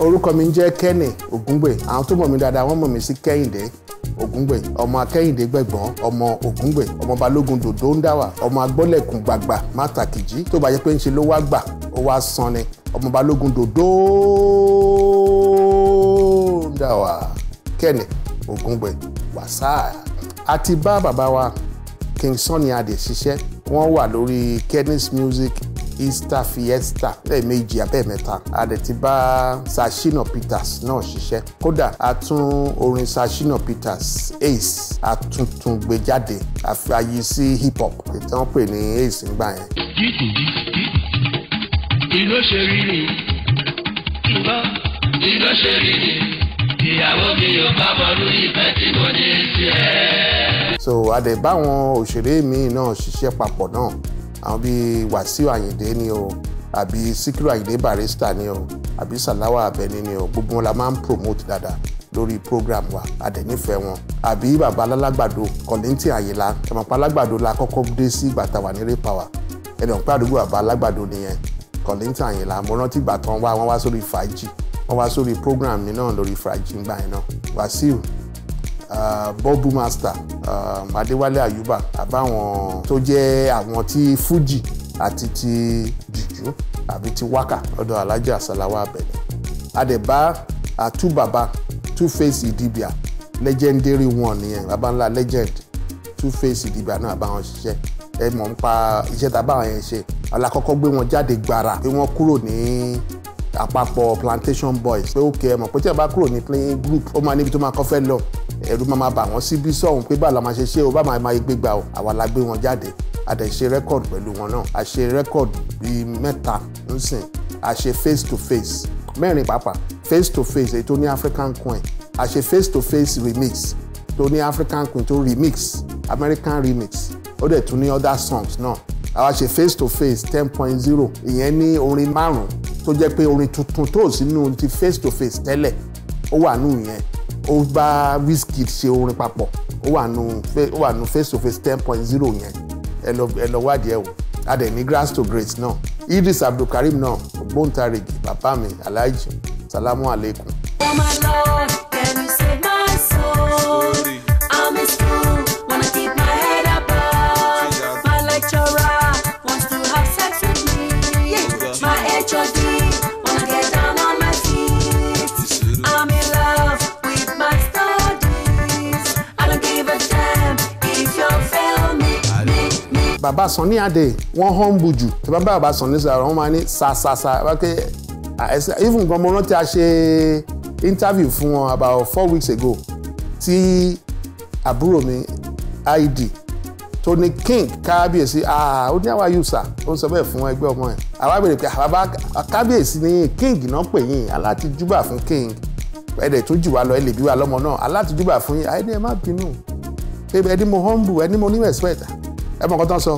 orúkọ mi ń jẹ́ Kenny Ògúngbè àwọn tó mọ̀ mí dáadáa wọ́n mọ̀ mí sí Kẹ́hìndé Ògúngbè ọmọ Akẹ́hìndé gbẹ̀gbọ́n ọmọ Ògúngbè ọmọ Balógun dòdó ń dáwà ọmọ agbọ́lẹ̀kùn gbàgbà mátàkìjí tó bá yẹ pé ń ṣe ló wá gbà ó wá san ni ọmọ Balógun dòdó ń dáwà Kenny Ògúngbè wàsáà àti bá bàbá wa King Sunny Adé ṣiṣẹ́ wọ́n wà lórí Kenny's Music Easter Fiesta lẹ́ẹ̀mejì abẹ́ẹ̀mẹ́ta a dẹ̀ ti bá Sashina Peters náà ṣiṣẹ́ kódà a tún orin Sashina Peters Ace a gbé jáde àfààyè sí hip hop tí wọ́n pè ní Ace ńgbà yẹn. ìlú ṣe rí ni ìyàwó mi yóò bá wọnú ìfẹ́ tí mo ní sí ẹ. so a báwọn òṣèré mi náà ṣiṣẹ́ papọ̀ náà àwọn bíi Wàsíù Àyìndé ni o àbí Síkírù Àyìndé Barrister ni o àbí Sàláwà Àbẹ̀ní ni o gbogbo wọn la máa ń promote dáadáa lórí program wa àdẹ̀nífẹ̀ẹ́ wọn àbí bàbá alágbàdo Kọ̀lẹ́ntì Àyìnlá ẹ̀mọ̀pá alágbàdo la kọ́kọ́ dé sí bàtà wà ní rẹpàwà ẹ̀mọ̀pá àdúgbò bàbá alágbàdo nìyẹn Kọ̀lẹ́ntì Àyìnlá mo rántí ìgbà tán wá wọn wá sórí fàájì wọn wá sórí program mi náà lórí fàájì ńgbà yẹn náà Wàsíù Ah, bọ́bú master ah, adéwálé àyùbá àbáwọn tó jẹ́ àwọn ti fuji àti ti jùjú àbí ti wákà ọ̀dọ̀ alhaji asalawa abẹ́lẹ̀ adẹ̀bá àtúbàbá two face ìdìbíà legendary one nìyẹn baba legend two face ìdìbíà náà àbáwọn ṣiṣẹ́ ẹ mọ̀ ń pa iṣẹ́ tá a báwọn yẹn ṣe alákọ́kọ́ gbé wọn jáde gbàrà pé wọ́n kúrò ní àpapọ̀ plantation boys pé ó kẹ́ ẹ mọ̀ pé tí a bá kúrò ní playing group ó máa níbi tó máa kọ́ fẹ́ lọ ẹ̀rù máa máa bà wọ́n síbí sọ̀hún pé bá la máa ṣe ṣe o bá máa máa gbé gbà o àwa la gbé wọn jáde a ṣe rẹ́kọ̀d pẹ̀lú wọn náà a ṣe rẹ́kọ̀d bíi mẹ́ta ń a ṣe face to face mẹ́rin pàápàá face to face èyí tó ní African coin a ṣe face to face remix tó ní African coin tó remix American remix ó dẹ̀ tún ní other songs náà àwa ṣe face to face ten point zero ìyẹn ní orin márùn tó jẹ́ pé orin tuntun tó sínú ti face to face tẹ́lẹ̀ ó wà nù yẹn ó bá Wizkid ṣe orin papọ̀ ó wà nù ó wà nù face to face ten point zero yẹn ẹ lọ wádìí ẹ wò adẹ̀ ní grass to grace náà Idris Abdulkarim náà ògbóǹtarìgì bàbá mi Alhaji salamu aleykum. ọmọ lọ́ọ̀ọ́ kẹrin sí. bàbá Sunny Adé wọ́n humble jù tí bàbá bàbá Sunny sọ̀rọ̀ wọ́n máa ní sàṣàṣà wákẹ́ even gan mo rántí a ṣe interview fún wọn about four weeks ago tí àbúrò mi id tó ní king kábíyèsí ó ní àwa yóò sà ó ń sọ bẹ́ẹ̀ fún ẹgbẹ́ ọmọ ẹ̀ àwa béèrè pé bàbá kábíyèsí ní king náà pè yín aláti júbà fún king ẹ̀dẹ̀ tó jù wá lọ ẹlẹ́bí wa lọ́mọ náà aláti júbà fún yín ẹni ẹ má bínú ẹni mo humble ẹni mo ní respect ẹ mọ̀ nǹkan tán sọ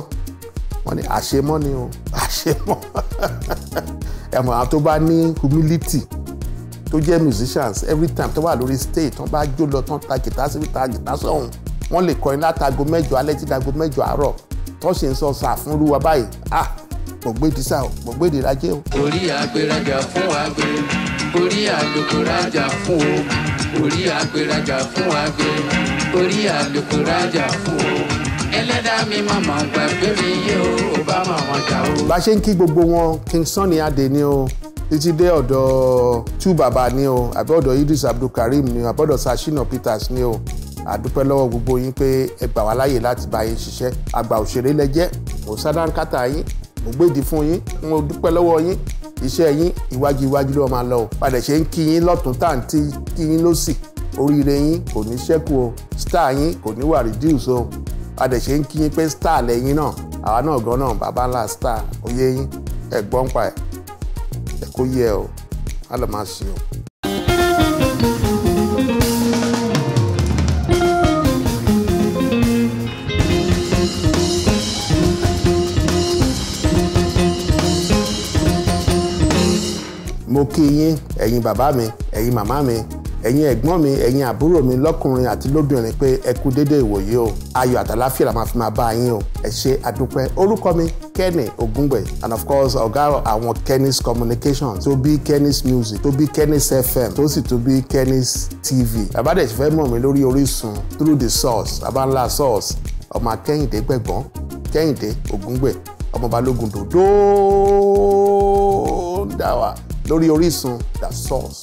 wọ́n ní àṣemọ́ ni o àṣemọ́ ẹ mọ̀ àwọn tó bá ní humility tó jẹ́ musicians every time tó wà lórí stage tó bá jó lọ tán ta gìtá síbi ta gìtá sọ̀hún wọ́n lè kọrin látago mẹ́jọ alẹ́ tí dago mẹ́jọ àárọ̀ tó ṣe ń sọ sáà báyìí ah gbọ̀gbẹ́dì sáà gbọ̀gbẹ́dì rajé o. orí agbèrajà fún agbe orí àlùkùrajà fún o orí agbèrajà fún agbe orí àlùkùrajà fún o ẹlẹ́dàá mi máa mọ̀ gbàgbé mi yé o ò bá mọ̀ wọn dà o. bá a ṣe ń kí gbogbo wọn King Sunny Adé ni o títí dé ọ̀dọ̀ tú bàbá ni o àbí ọ̀dọ̀ Idris Abdulkareem ni o àbí ọ̀dọ̀ Sashina Peters ni o àdúpẹ́ lọ́wọ́ gbogbo yín pé ẹ gbà wá láàyè láti bá yín ṣiṣẹ́ àgbà òṣèré lẹ́jẹ́ mo sádàkátà yín mo gbèdì fún yín mo dúpẹ́ lọ́wọ́ yín iṣẹ́ yín iwájú iwájú ló máa lọ o padà ṣe ń kí yín lọ́tún tá à ń tí kí yín lọ́sì oríire yín kò ní ṣẹ́kù o star yín kò ní wà reduce o a dẹ̀ ṣe ń kí yín pé star lẹ́yìn náà àwa náà gan náà bàbá ńlá star ó yé yín ẹ̀ gbọ́n pa ẹ̀ ẹ̀ kó yẹ o á lọ máa ṣe o. mo kí yín ẹ̀yin bàbá mi ẹ̀yin màmá mi ẹ̀yin ẹ̀gbọ́n mi ẹ̀yin àbúrò mi lọ́kùnrin àti lóbìnrin pé ẹ kú dédé ìwòyí o ayọ̀ àtàláfíà la máa fi máa bá yín o ẹ ṣé àdúpẹ́ orúkọ mi Kenny Ogungbe and of course ọ̀gá àwọn Kenny's communication tó bí Kenny's music tó bí Kenny's FM tó sì tó bí Kenny's TV bàbá dẹ̀ fẹ́ mọ̀ mí lórí Orísun through the source bàbá ńlá source ọmọ akẹ́yìndé gbẹ̀gbọ́n kẹ́hìndé Ògúngbè ọmọ balógun dòdò ń dà wá lórí Orísun the source.